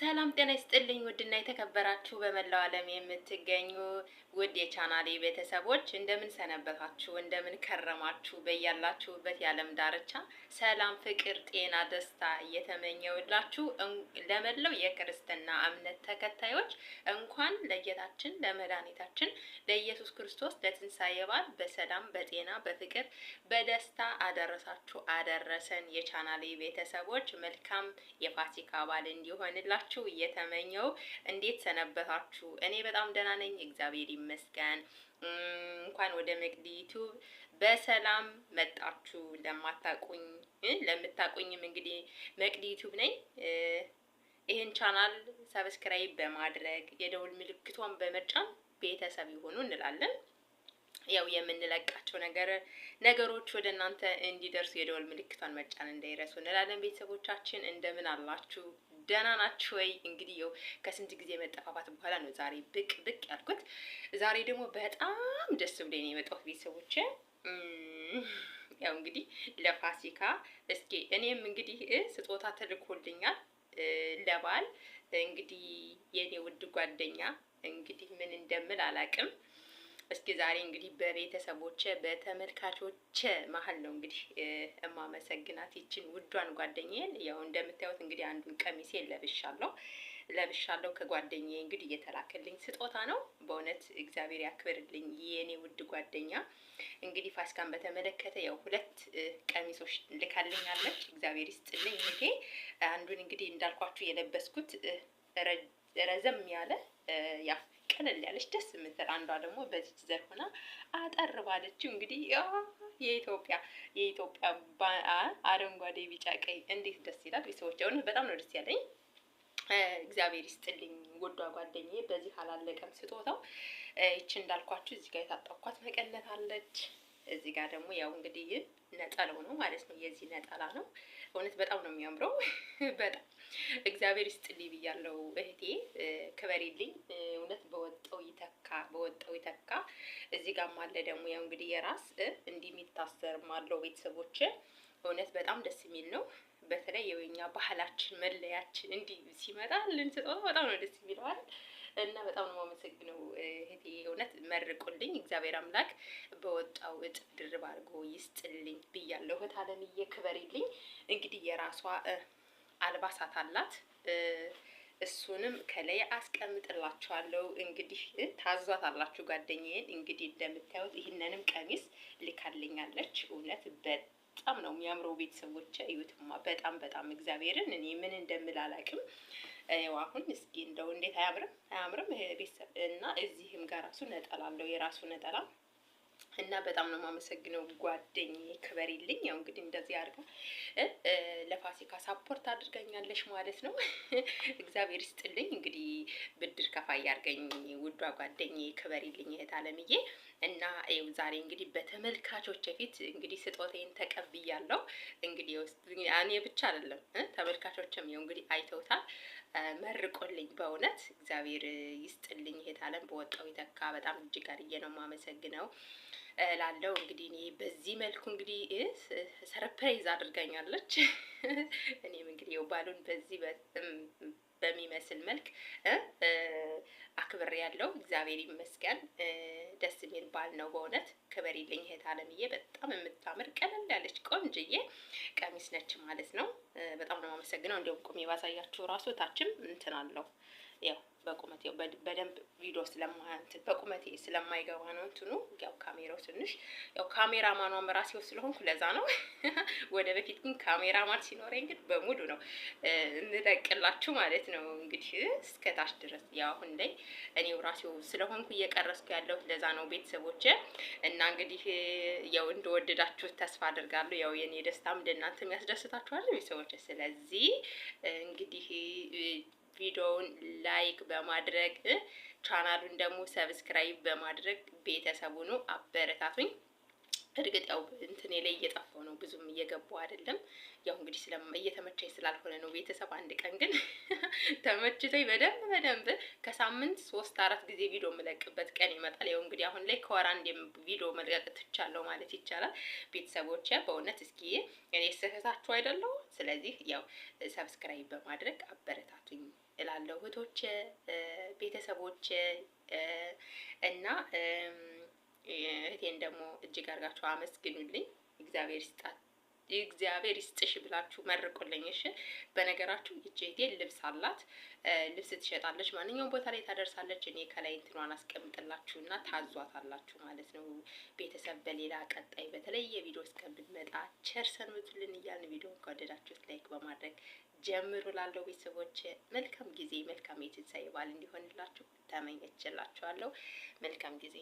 ሰላም ጤና ይስጥልኝ። ውድና የተከበራችሁ በመላው ዓለም የምትገኙ ውድ የቻናሌ ቤተሰቦች እንደምን ሰነበታችሁ? እንደምን ከረማችሁ? በያላችሁበት የዓለም ዳርቻ ሰላም፣ ፍቅር፣ ጤና፣ ደስታ እየተመኘውላችሁ ለመላው የክርስትና እምነት ተከታዮች እንኳን ለጌታችን ለመድኃኒታችን ለኢየሱስ ክርስቶስ ለትንሣኤ በዓል በሰላም በጤና በፍቅር በደስታ አደረሳችሁ አደረሰን። የቻናሌ ቤተሰቦች መልካም የፋሲካ በዓል እንዲሆንላችሁ እንዲሆንላችሁ እየተመኘው እንዴት ሰነበታችሁ? እኔ በጣም ደህና ነኝ፣ እግዚአብሔር ይመስገን። እንኳን ወደ መቅዲ ዩቲዩብ በሰላም መጣችሁ። ለማታቁኝ ለምታቁኝም እንግዲህ መቅዲ ዩቱብ ነኝ። ይህን ቻናል ሰብስክራይብ በማድረግ የደውል ምልክቷን በመጫን ቤተሰብ ይሆኑ እንላለን። ያው የምንለቃቸው ነገር ነገሮች ወደ እናንተ እንዲደርሱ የደወል ምልክቷን መጫን እንዳይረሱ እንላለን። ቤተሰቦቻችን እንደምን አላችሁ? ደህና ናችሁ ወይ? እንግዲህ ው ከስንት ጊዜ መጠፋፋት በኋላ ነው ዛሬ ብቅ ብቅ ያልኩት። ዛሬ ደግሞ በጣም ደስ ብሎኝ ነው የመጣሁት ቤተሰቦች። ያው እንግዲህ ለፋሲካ እስኪ እኔም እንግዲህ ስጦታ ተልኮልኛል ለባል እንግዲህ የኔ ውድ ጓደኛ እንግዲህ ምን እንደምል አላቅም እስኪ ዛሬ እንግዲህ በቤተሰቦች በተመልካቾች መሀል ነው እንግዲህ እማመሰግናት ይችን ውዷን ጓደኛዬን። ያው እንደምታዩት እንግዲህ አንዱን ቀሚሴ ለብሻለሁ ለብሻለሁ ከጓደኛዬ እንግዲህ እየተላከልኝ ስጦታ ነው። በእውነት እግዚአብሔር ያክብርልኝ የኔ ውድ ጓደኛ። እንግዲህ ፋሲካን በተመለከተ ያው ሁለት ቀሚሶች ልካልኛለች። እግዚአብሔር ይስጥልኝ ይሄ አንዱን እንግዲህ እንዳልኳችሁ የለበስኩት ረዘም ያለ ያ ቀለል ያለች ደስ የምትል አንዷ ደግሞ በዚች ዘር ሆና አጠር ባለችው እንግዲህ የኢትዮጵያ የኢትዮጵያ አረንጓዴ፣ ቢጫ፣ ቀይ እንዴት ደስ ይላል! ሰዎች እውነት በጣም ነው ደስ ያለኝ። እግዚአብሔር ይስጥልኝ ወዷ ጓደኛዬ። በዚህ አላለቀም ስጦታው። ይቺ እንዳልኳችሁ እዚህ ጋር የታጠኳት መቀነት አለች። እዚህ ጋር ደግሞ ያው እንግዲህ ነጠላው ነው ማለት ነው። የዚህ ነጠላ ነው። እውነት በጣም ነው የሚያምረው። በጣም እግዚአብሔር ይስጥልኝ ብያለው እህቴ፣ ክበሬልኝ። እዚህ ጋር ማለ ደግሞ ያው እንግዲህ የራስ እንዲህ የሚታሰርም አለው። ቤተሰቦች እውነት በጣም ደስ የሚል ነው። በተለይ የኛ ባህላችን መለያችን እንዲህ ሲመጣ ልንስጠው በጣም ነው ደስ የሚለው አይደል? እና በጣም ነው የማመሰግነው እህቴ፣ እውነት መርቁልኝ። እግዚአብሔር አምላክ በወጣው እጥፍ ድርብ አድርጎ ይስጥልኝ ብያለሁ። እህት አለምዬ ክበሪልኝ። እንግዲህ የራሷ አልባሳት አላት እሱንም ከላይ አስቀምጥላችኋለሁ። እንግዲህ ታዟት አላችሁ ጓደኛዬን። እንግዲህ እንደምታዩት ይህንንም ቀሚስ ልካልኛለች። እውነት በጣም ነው የሚያምረው። ቤተሰቦች እዩትማ፣ በጣም በጣም እግዚአብሔርን እኔ ምን እንደምል አላውቅም። አሁን እስኪ እንደው እንዴት አያምርም? አያምርም ቤተሰብ እና እዚህም ጋር ራሱ ነጠላለው የራሱ ነጠላ እና በጣም ነው የማመሰግነው ጓደኝ ክበሪልኝ። ያው እንግዲህ እንደዚህ አድርጋ ለፋሲካ ሳፖርት አድርገኛለሽ ማለት ነው። እግዚአብሔር ይስጥልኝ። እንግዲህ ብድር ከፋ እያርገኝ ውዷ ጓደኝ ክበሪልኝ እህት አለምዬ። እና ይኸው ዛሬ እንግዲህ በተመልካቾች ፊት እንግዲህ ስጦታዬን ተቀብያለሁ። እንግዲህ እኔ ብቻ አይደለም ተመልካቾችም ያው እንግዲህ አይተውታል፣ መርቆልኝ። በእውነት እግዚአብሔር ይስጥልኝ እህት አለም። በወጣው ይተካ። በጣም እጅግ አድዬ ነው የማመሰግነው። ላለው እንግዲህ እኔ በዚህ መልኩ እንግዲህ ሰርፕራይዝ አድርጋኛለች። እኔም እንግዲህ ያው ባሉን በዚህ በሚመስል መልክ አክብሬ ያለው እግዚአብሔር ይመስገን። ደስ የሚል ባል ነው በእውነት ክበሪልኝ እህት አለምዬ። በጣም የምታምር ቀለል ያለች ቆንጅዬ ቀሚስ ነች ማለት ነው። በጣም ነው የማመሰግነው። እንዲሁም ቁሜ ባሳያችሁ ራሱ ታችም እንትን አለው ያው በቁመቴ በደንብ ቪዲዮ ስለማያንትን በቁመቴ ስለማይገባ ነው እንትኑ ያው ካሜራው ትንሽ ያው ካሜራማኗም ራሴው ስለሆንኩ ለዛ ነው። ወደ በፊት ግን ካሜራማን ሲኖረኝ ግን በሙሉ ነው እንለቅላችሁ ማለት ነው። እንግዲህ እስከ ታች ድረስ ያው አሁን ላይ እኔው ራሴው ስለሆንኩ እየቀረስኩ ያለሁት ለዛ ነው ቤተሰቦቼ። እና እንግዲህ ያው እንደወደዳችሁት ተስፋ አድርጋለሁ። ያው የኔ ደስታም ለእናንተም ያስደስታችኋል ቤተሰቦቼ። ስለዚህ እንግዲህ ቪዲዮውን ላይክ በማድረግ ቻናሉን ደግሞ ሰብስክራይብ በማድረግ ቤተሰቡ ነው አበረታቱኝ። እርግጥ ያው እንትኔ ላይ እየጠፋው ነው ብዙም እየገባው አይደለም። ያው እንግዲህ እየተመቸኝ ስላልሆነ ነው ቤተሰብ። አንድ ቀን ግን ተመችቶኝ በደንብ በደንብ ከሳምንት ሶስት አራት ጊዜ ቪዲዮ የምለቅበት ቀን ይመጣል። ያው እንግዲህ አሁን ላይ ከወር አንድ ቪዲዮ መልቀቅ ትቻለሁ ማለት ይቻላል። ቤተሰቦች በእውነት እስኪ እኔ ስህተታችሁ አይደለሁ። ስለዚህ ያው ሰብስክራይብ በማድረግ አበረታቱኝ። እላለሁ እህቶች፣ ቤተሰቦች እና እህቴን ደግሞ እጅግ አድርጋችሁ አመስግኑልኝ። እግዚአብሔር ይስጣት። እግዚአብሔር ይስጥሽ ብላችሁ መርቁልኝ። እሺ። በነገራችሁ እጄቴ ልብስ አላት፣ ልብስ ትሸጣለች፣ ማንኛውም ቦታ ላይ ታደርሳለች። እኔ ከላይ እንትኗን አስቀምጥላችሁና ታዟታላችሁ ማለት ነው። ቤተሰብ በሌላ ቀጣይ በተለየ ቪዲዮ እስከምንመጣ ቸር ሰንብቱልን እያልን ቪዲዮን ከወደዳችሁት ላይክ በማድረግ ጀምሩ። ላለው ቤተሰቦች መልካም ጊዜ፣ መልካም የትንሳኤ በዓል እንዲሆንላችሁ ተመኘችላችኋለሁ። መልካም ጊዜ